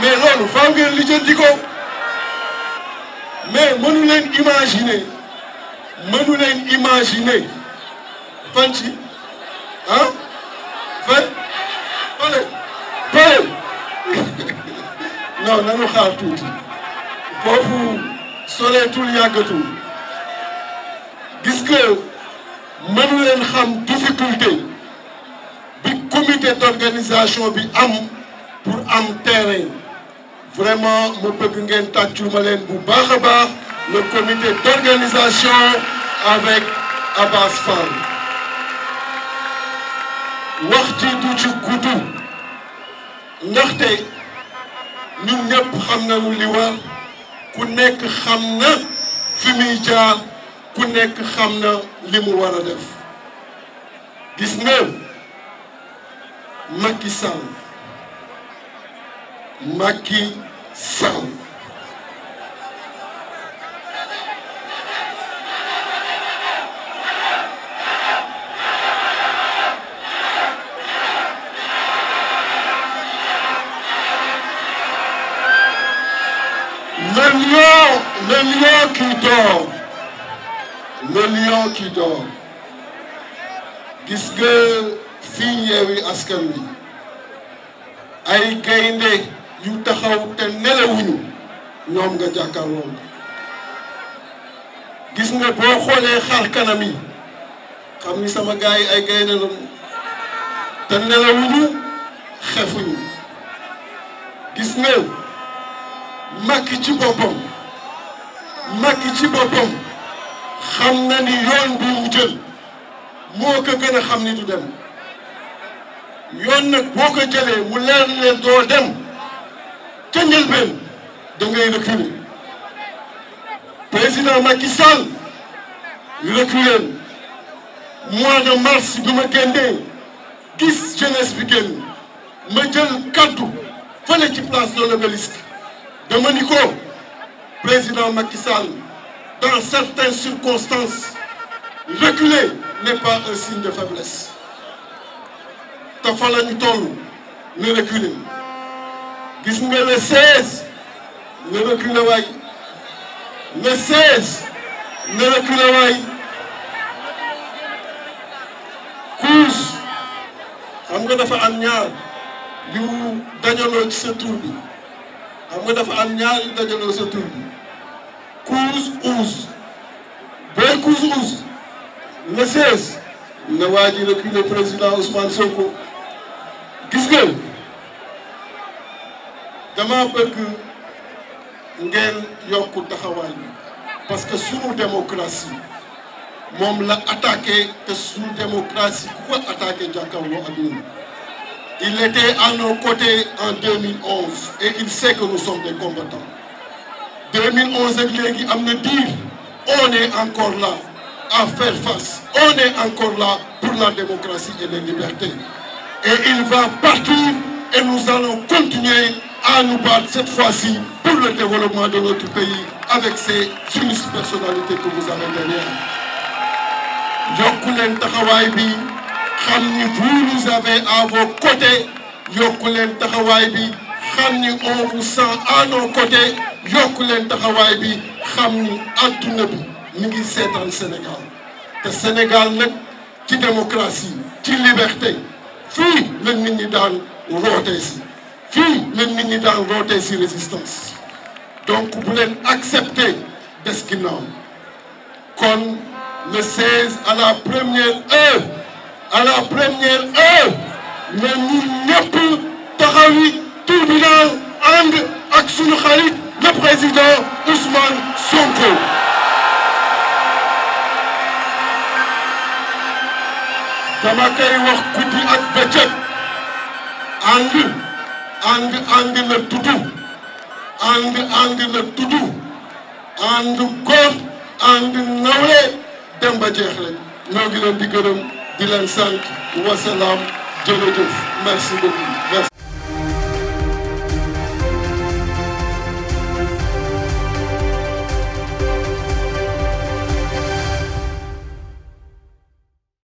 mais loolu faaw ngeen lijjanti ko mais mënu len imaginer mënu len imaginer fan ci ah fan fale fale non nanu xaar tuuti foofu soreetul yagatu gis que mënu len xam difficulté bi comité d'organisation bi am pour am terrain vraiment mu bëgg ngeen tàccu ma leen bu baax a le comité d'organisation avec Abbas Fall wax ji Koutou. ci gudd ndaxte ñun ñëpp xam nañu li war ku nekk xam na fi jaar ku nekk xamna limu wara def gis nga Macky Sall Macky Sall Le lion, le lion qui dort le lion qui dort gis nga fii Yewwi Askan Wi ay gaynde yu taxaw te nelawuñu ñoom nga jàkkaarloon gis nga boo xoolee xaar kanam yi xam ni sama gars yi ay gaynde lañu te nelawuñu xefuñu gis nga Macky ci boppam Macky ci boppam xam na ni yoon bi jël moo ko gën a xam ni du dem yoon nag boo ko jëlee mu leer leen doo dem Kengel Ben, da ngay reculer président Macky Sall reculer Moi, de mars suis me génnee gis jeunesse bi me ma jël kaddu fële ci place dans le de ni président Macky Sall dans certaines circonstances reculer n'est pas un signe de faiblesse T'as fallu la ñu toll gis nga le 16 nga reculé waay le 16 nga reculé waay kuus xam nga dafa am ñaar yu dajaloo ci sa tur bi xam nga dafa am ñaar yu dajaloo sa tur bi kuus uus que kuus uus le 16 na waa ji président Ousmane Sonko gis nga. nous bëgg que yokku de travail. parce que nos démocratie on la attaqué sous sur démocratie pourquoi attaquer attaquer jàkkaarloo il était à nos côtés en 2011 et il sait que nous sommes des combattants 2011 il est dit, on est encore là à faire face on est encore là pour la démocratie et les libertés et il va partir et nous allons continuer à nous battre cette fois-ci pour le développement de notre pays avec ces illustres personnalités que vous avez derrière. vous nous avez à vos côtés. on vous sent à nos côtés. tous côtés. Nous sommes en Sénégal. Le Sénégal, c'est démocratie, qui liberté. puis le à qui, les nit ñi voté sur résistance donc vous pouvez accepter ce qu'ils ont. Comme le 16 à la première heure à la première heure nous n'avons plus de tur bi le ànd ak le président Ousmane Sonko. dama vous wax and and to do, and and to do, and God and nawle dem ba jeex rek ñoo ngi leen di gërëm di leen sant wasalaam jërëjëf merci beaucoup